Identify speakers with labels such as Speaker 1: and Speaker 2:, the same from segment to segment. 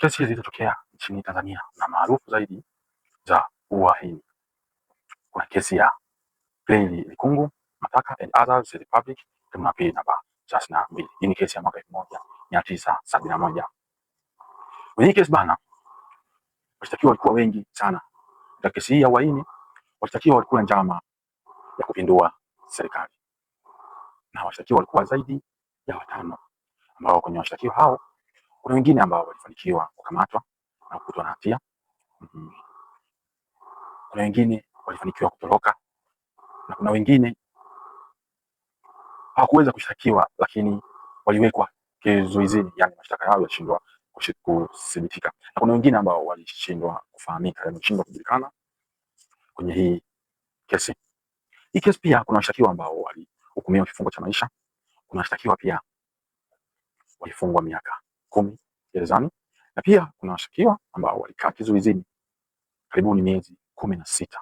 Speaker 1: kesi zilizotokea nchini Tanzania na maarufu zaidi za uhaini. Kuna kesi ya Glenn Likungu, Mataka and Others Republic kumi mbili namba thelathini na mbili. Hii ni kesi ya mwaka elfu moja mia tisa sabini na moja. Kwenye kesi bana, washtakiwa walikuwa wengi sana. Katika kesi hii ya uhaini, washtakiwa walikuwa na njama ya kupindua serikali na washtakiwa walikuwa zaidi ya watano, ambao kwenye washtakiwa hao kuna wengine ambao walifanikiwa kukamatwa na kukutwa na hatia mhm. Kuna wengine walifanikiwa kutoroka na kuna wengine hawakuweza kushtakiwa, lakini waliwekwa kizuizini, yani mashtaka yao yalishindwa kuthibitika, na kuna wengine ambao walishindwa kufahamika, yani walishindwa kujulikana kwenye hii kesi. Hii kesi pia kuna washtakiwa ambao walihukumiwa kifungo cha maisha, kuna washtakiwa pia walifungwa miaka kumi gerezani na pia kuna washtakiwa ambao walikaa kizuizini karibu ni miezi kumi na sita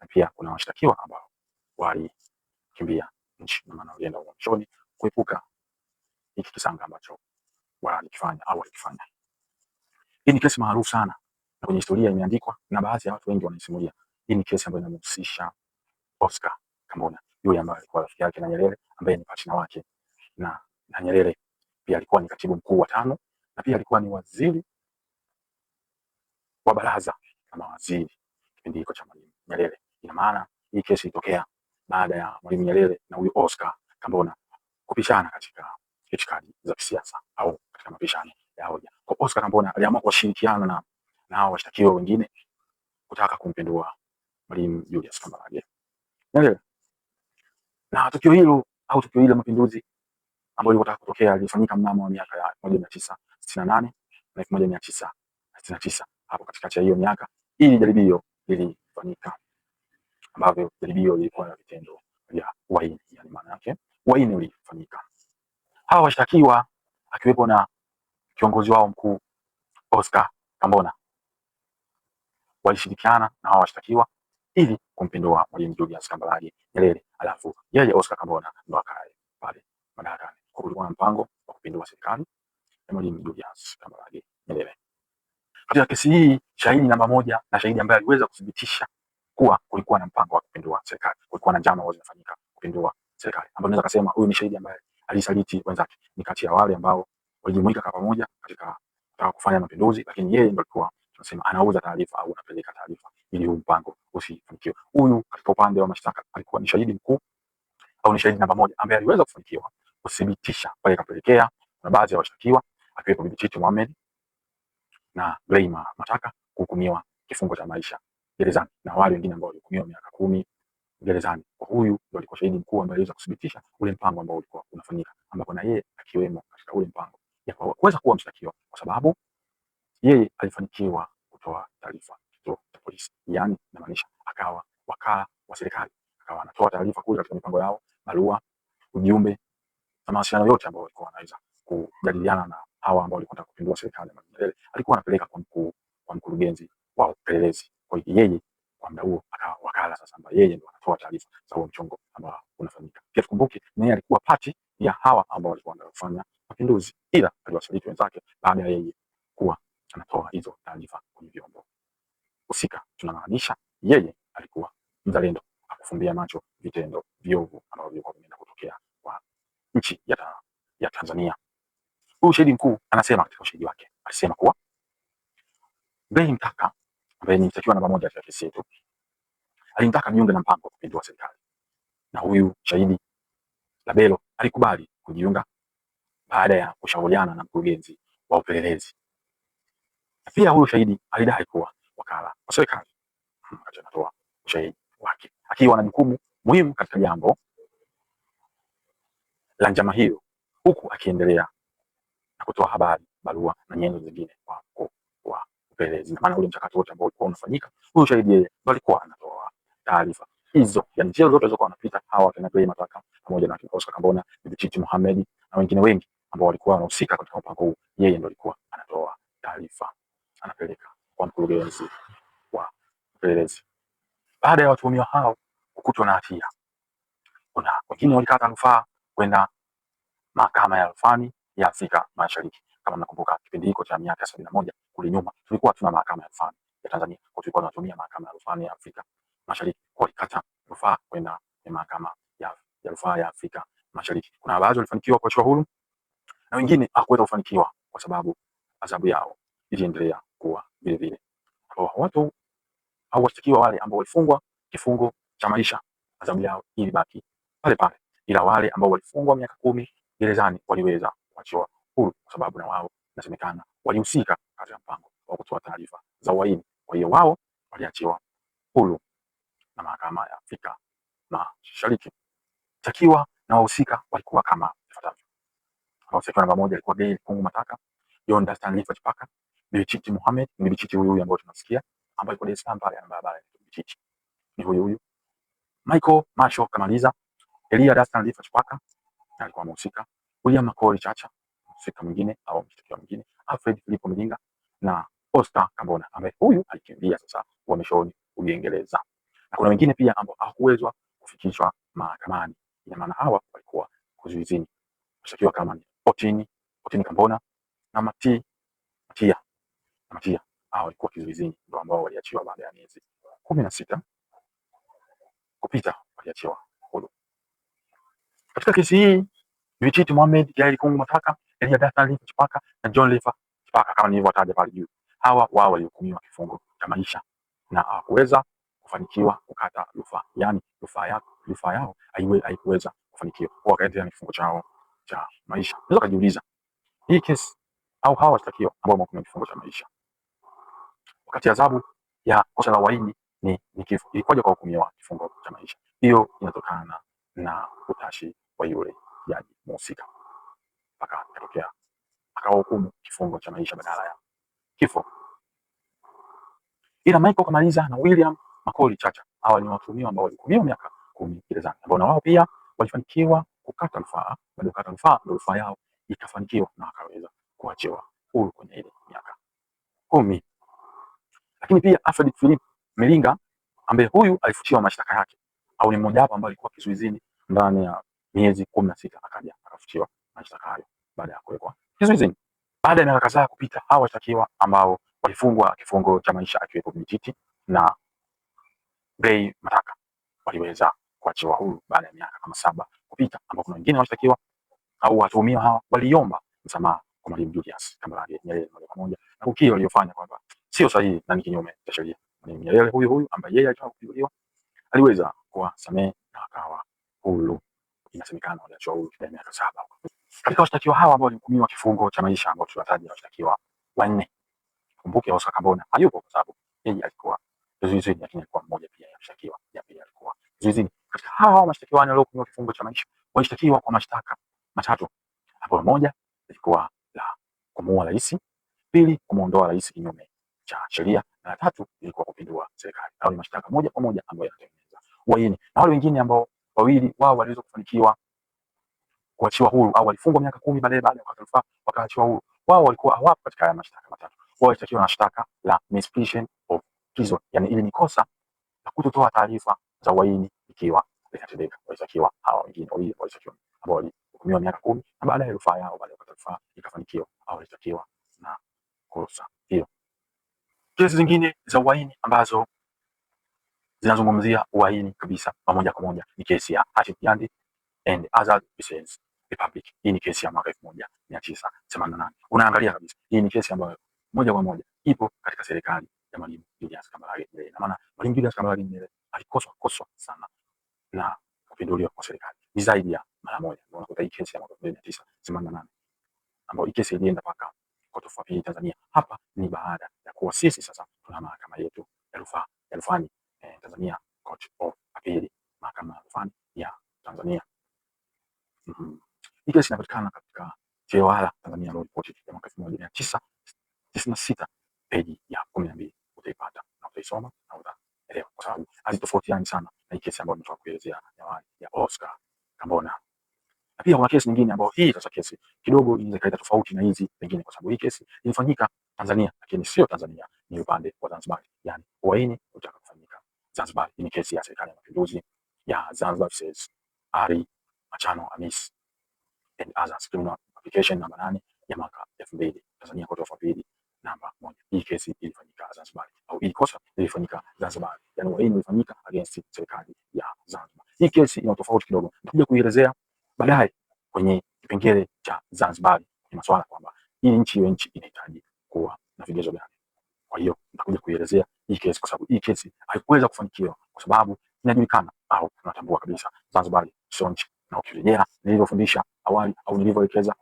Speaker 1: na pia kuna washtakiwa ambao walikimbia nchi na maana walienda uhamishoni kuepuka hiki kisanga ambacho walikifanya au walikifanya. Hii ni kesi maarufu sana na kwenye historia imeandikwa na baadhi ya watu wengi wanaisimulia. Hii ni kesi ambayo inamhusisha Oscar Kambona, yule ambaye alikuwa rafiki yake na Nyerere, ambaye ni partner wake na, na Nyerere pia alikuwa ni katibu mkuu wa tano na pia alikuwa ni waziri wa baraza la mawaziri kipindi hicho cha Mwalimu Nyerere. Ina maana hii kesi ilitokea baada ya Mwalimu Nyerere na huyu Oscar Kambona kupishana katika itikadi za kisiasa au katika mapishano ya hoja. Kwa Oscar Kambona aliamua kushirikiana na na washtakiwa wengine kutaka kumpindua Mwalimu Julius Kambarage Nyerere. Na tukio hilo au tukio hilo mapinduzi ambayo ilikuwa kutokea ilifanyika mnamo miaka ya 1968 na 1969 hapo katikati ya hiyo miaka ili jaribio lilifanyika, ambavyo jaribio lilikuwa na vitendo vya uhaini, yani maana yake uhaini ulifanyika. Hawa washtakiwa akiwepo na kiongozi wao mkuu Oscar Kambona walishirikiana na hawa washtakiwa ili kumpindua Mwalimu Julius Kambarage Nyerere, alafu yeye Oscar Kambona ndo akae pale madarakani kwa kulikuwa na mpango wa kupindua serikali ya Mwalimu Julius Kambarage Nyerere. Katika kesi hii shahidi namba moja na shahidi ambaye aliweza kuthibitisha kuwa kulikuwa na mpango wa kupindua serikali, kulikuwa na njama ambazo zinafanyika kupindua serikali, ambapo naweza kusema huyu ni shahidi ambaye alisaliti wenzake, ni kati ya wale ambao walijumuika kwa pamoja katika kutaka kufanya mapinduzi, lakini yeye ndiye alikuwa tunasema anauza taarifa au anapeleka taarifa ili huu mpango usifanikiwe. Huyu katika upande wa mashtaka alikuwa ni shahidi mkuu au ni shahidi namba moja ambaye aliweza kufanikiwa kuthibitisha pale, ikapelekea na baadhi ya washtakiwa akiwepo Bibi Titi Mohamed na Gleima Mataka kuhukumiwa kifungo cha maisha gerezani na wale wengine ambao walihukumiwa miaka kumi gerezani. Kwa huyu ndio alikuwa shahidi mkuu ambaye aliweza kuthibitisha ule mpango ambao ulikuwa unafanyika, ambapo na yeye akiwemo katika ule mpango ya kuweza kuwa mshtakiwa, kwa sababu yeye alifanikiwa kutoa taarifa kituo cha polisi, yani inamaanisha akawa wakaa wa serikali, akawa anatoa taarifa kule katika mipango yao, barua, ujumbe na mawasiliano yote ambayo alikuwa anaweza kujadiliana na hawa ambao walitaka kupindua serikali ya Mwalimu Nyerere, alikuwa anapeleka kwa mkuu kwa mkurugenzi wa upelelezi. Kwa hiyo yeye kwa muda huo akawa wakala sasa, ambaye yeye ndio anatoa taarifa za huo mchongo ambao unafanyika. Pia tukumbuke naye alikuwa pati ya hawa ambao walikuwa wanafanya mapinduzi, ila aliwasaliti wenzake Huyu shahidi mkuu anasema katika ushahidi wake, alisema kuwa Ibrahim Taka ambaye ni mtakiwa namba moja katika kesi yetu alimtaka ajiunge na mpango wa kupindua serikali, na huyu shahidi Labelo alikubali kujiunga baada ya kushauriana na mkurugenzi wa upelelezi. Pia huyu shahidi alidai kuwa wakala wa serikali hmm, anatoa ushahidi wake akiwa na jukumu muhimu katika jambo la njama hiyo, huku akiendelea na kutoa habari, barua na nyenzo zingine kwa mkuu wa upelelezi. Maana ule mchakato wote ambao ulikuwa unafanyika, huyo shahidi yeye ndo alikuwa anatoa taarifa hizo, yani njia zote zilizokuwa wanapita hawa wakina Clay Mataka pamoja na wakina Oscar Kambona, Bibichichi Mohamed na wengine wengi ambao walikuwa wanahusika katika mpango huu, yeye ndo alikuwa anatoa taarifa, anapeleka kwa mkurugenzi wa upelelezi. Baada ya watuhumiwa hao kukutwa na hatia, kuna wengine walikata rufaa kwenda mahakama ya rufani ya Afrika Mashariki. Kama mnakumbuka kipindi hicho cha miaka sabini na moja kule nyuma, tulikuwa tuna mahakama ya rufani ya Tanzania, kwa tulikuwa tunatumia mahakama ya rufani ya Afrika Mashariki kwa ikata rufaa kwenda mahakama ya, ya rufaa ya Afrika Mashariki. Kuna baadhi walifanikiwa kuachiwa huru na wengine hawakuweza kufanikiwa kwa sababu adhabu yao iliendelea kuwa vile vile. Kwa watu au washtakiwa wale ambao walifungwa kifungo cha maisha, adhabu yao ilibaki pale pale, ila wale ambao walifungwa miaka kumi gerezani waliweza kuachiwa huru, kwa sababu na wao inasemekana walihusika katika mpango wa kutoa taarifa za uhaini. Kwa hiyo wao waliachiwa huru na mahakama ya Afrika Mashariki. Takiwa na wahusika walikuwa kama ifuatavyo: wahusika namba moja alikuwa Gail Kungu Mataka, John Dastan Lifa Chipaka, Bibichichi Mohamed. Ni Bibichichi huyu huyu ambaye tunamsikia ambaye yuko Dar es Salaam pale ana barabara ya Bibichichi, ni huyu huyu. Michael Masho Kamaliza, Elia Dastan Lifa Chipaka alikuwa mhusika. William Makori Chacha, mhusika mwingine au mshtakiwa mwingine, Alfred Filipo Mlinga na Oscar Kambona ambaye huyu alikimbia sasa uhamishoni Uingereza. Na kuna wengine pia ambao hawakuwezwa kufikishwa mahakamani, ina maana hawa walikuwa kuzuizini. Mshtakiwa kama ni Otini, Otini Kambona na Mati, Matia, na Matia hawa walikuwa kizuizini, ndio ambao waliachiwa baada ya miezi 16 kupita waliachiwa huru. Katika kesi hii Bichit Mohamed, Gary Kungu Mataka, Elia Lee Chipaka na John Lefa Chipaka kama nilivyotaja pale juu. Hawa wao walihukumiwa kifungo cha maisha na hawakuweza kufanikiwa kukata rufaa. Yaani rufaa yao, rufaa yao haikuweza kufanikiwa. Kwa kaendelea na kifungo chao cha maisha. Unaweza kujiuliza, hii kesi au hawa washtakiwa ambao wamehukumiwa kifungo cha maisha. Wakati adhabu ya kosa la uhaini ni, ni kifo. Ilikuwaje kwa hukumiwa kifungo cha maisha? Hiyo inatokana na utashi wa yule jaji mhusika mpaka ikatokea akahukumu kifungo cha maisha badala ya kifo. Ila Michael Kamaliza na William Makoli Chacha hawa ni watuhumiwa ambao walihukumiwa miaka kumi gerezani, ambao na wao pia walifanikiwa kukata rufaa. Baada ya kukata rufaa, ndio rufaa yao ikafanikiwa na akaweza kuachiwa huru kwenye ile miaka kumi. Lakini pia Alfred Philip Milinga ambaye huyu alifutiwa mashtaka yake au ni mmoja wapo ambaye alikuwa kizuizini ndani ya miezi kumi na sita akaja kufikiwa mashtaka hayo baada ya kuwekwa kizuizini. Baada ya miaka kadhaa kupita, hao washtakiwa ambao walifungwa kifungo cha maisha akiwepo Mijiti na Gray Mataka waliweza kuachiwa huru baada ya miaka kama saba kupita, ambao kuna wengine washtakiwa au watuhumiwa hawa waliomba msamaha kwa Mwalimu Julius Kambarage Nyerere moja kwa moja na kukiri waliofanya kwamba sio sahihi na ni kinyume cha sheria. Mwalimu Nyerere huyu huyu ambaye yeye alitaka kupinduliwa aliweza kuwasamehe na akawa huru inasemekana waliachiwa huru baada ya miaka saba. Katika washtakiwa hawa ambao walihukumiwa kifungo cha maisha ambao tuliwataja washtakiwa wanne, kumbuke Oscar Kambona hayupo kwa sababu yeye alikuwa zuizini, lakini alikuwa mmoja pia ya washtakiwa, ya pia alikuwa zuizini. Katika hawa washtakiwa wanne waliohukumiwa kifungo cha maisha walishtakiwa kwa mashtaka matatu, ambapo moja ilikuwa la kumuua rais, pili kumuondoa rais kinyume cha sheria, na la tatu ilikuwa kupindua serikali. Au ni mashtaka moja kwa moja ambayo yanatengeneza uhaini, na wale wengine ambao wawili wao waliweza kufanikiwa kuachiwa huru au walifungwa miaka kumi baadaye baada ya kukata rufaa wakaachiwa huru. Wao walikuwa hawapo katika haya mashtaka matatu. Wao walishtakiwa na shtaka la misprision of treason, yani ili ni kosa la kutotoa taarifa za uhaini ikiwa litatendeka. Walishtakiwa hawa wengine wawili walishtakiwa ambao walihukumiwa miaka kumi na baada ya rufaa yao baada ya kukata rufaa ikafanikiwa, au walishtakiwa na kosa hiyo. Kesi zingine za uhaini ambazo zinazungumzia uhaini kabisa wa moja kwa moja, ni kesi ya Hashim Jandi and Azad Hussein Republic. Hii ni kesi ya mwaka elfu moja mia tisa themanini na nane. Unaangalia kabisa, hii ni kesi ambayo moja kwa moja ipo katika serikali ya Mwalimu Julius Kambarage Nyerere. Na maana Mwalimu Julius Kambarage Nyerere alikoswa koswa sana na kupinduliwa kwa serikali ni zaidi ya mara moja. Unakuta hii kesi ya mwaka elfu moja mia tisa themanini na nane ambayo hii kesi ilienda mpaka Court of Appeal Tanzania. Hapa ni baada ya kuwa sisi sasa tuna mahakama yetu ya rufaa ya rufani eh, Tanzania Court of Appeal, mahakama ya rufani ya Tanzania. Mm -hmm. Hii kesi inapatikana katika Jewala Tanzania Law Report ya mwaka 1996 peji ya 12 utaipata na utaisoma na utaelewa kwa sababu hazitofautiani sana na kesi ambayo nimetoka kuelezea ya, ya Oscar Kambona. Na pia kuna kesi nyingine ambayo hii sasa kesi kidogo inaweza kaita tofauti na hizi pengine, kwa sababu hii kesi inafanyika Tanzania, lakini sio Tanzania, ni upande wa Zanzibar, yani uaini utaka Zanzibar. Hii ni kesi ya serikali ya mapinduzi ya Zanzibar versus Ari Machano Amis and others criminal application namba nane ya mwaka 2000 Tanzania Court of Appeal namba moja. Hii kesi ilifanyika Zanzibar au hii kosa ilifanyika Zanzibar, yani hii ilifanyika against serikali ya Zanzibar. Hii kesi ina tofauti kidogo, nitakuja kuielezea baadaye kwenye kipengele cha Zanzibar, ni masuala kwamba hii nchi hiyo nchi inahitaji kuwa na vigezo gani. Kwa hiyo nitakuja kuielezea hii kesi, kwa sababu hii kesi haikuweza kufanikiwa kwa sababu inajulikana au tunatambua kabisa Zanzibar sio nchi, na ukirejea nilivyofundisha awali au nilivyoelekeza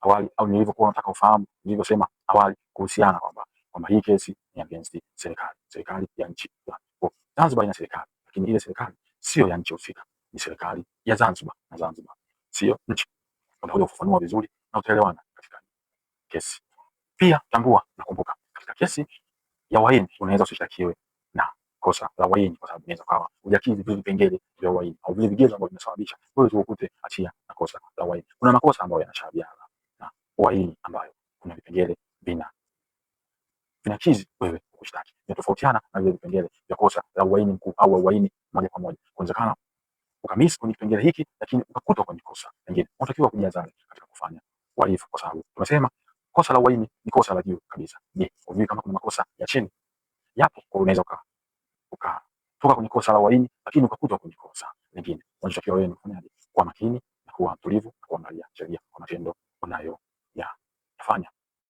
Speaker 1: awali au nilivyokuwa nataka ufahamu, nilivyosema awali kuhusiana kwamba kwamba hii kesi ni against serikali, serikali ya nchi kwa Zanzibar ina serikali, lakini ile serikali sio ya nchi husika, ni serikali ya Zanzibar na Zanzibar sio nchi. Unakuja kufafanua vizuri na utaelewana katika kesi. Pia tambua na kumbuka katika kesi ya uhaini, unaweza usishtakiwe na kosa la uhaini kwa sababu unaweza kawa hujakidhi vile vipengele vya uhaini au vile vigezo ambavyo vinasababisha wewe tu ukute hatia na kosa la uhaini. Kuna makosa ambayo yanashabiana na uhaini ambayo kuna vipengele vina vinakidhi wewe kushtaki, vinatofautiana na vile vipengele vya kosa la uhaini mkuu au uhaini moja kwa moja. Kunawezekana ukamisi kwenye kipengele hiki, lakini ukakuta kwenye kosa lingine, unatakiwa kujazana katika kufanya uhalifu, kwa sababu tunasema kosa la uhaini ni kosa la juu kabisa. Je, unajua kama kuna makosa ya chini? Yapo. Kwa unaweza uka ukatoka kwenye kosa la uhaini lakini ukakutwa kwenye kosa lingine. Unachotakiwa wewe ni kufanyaje? Kuwa makini na kuwa mtulivu na kuangalia sheria kwa matendo unayo yafanya.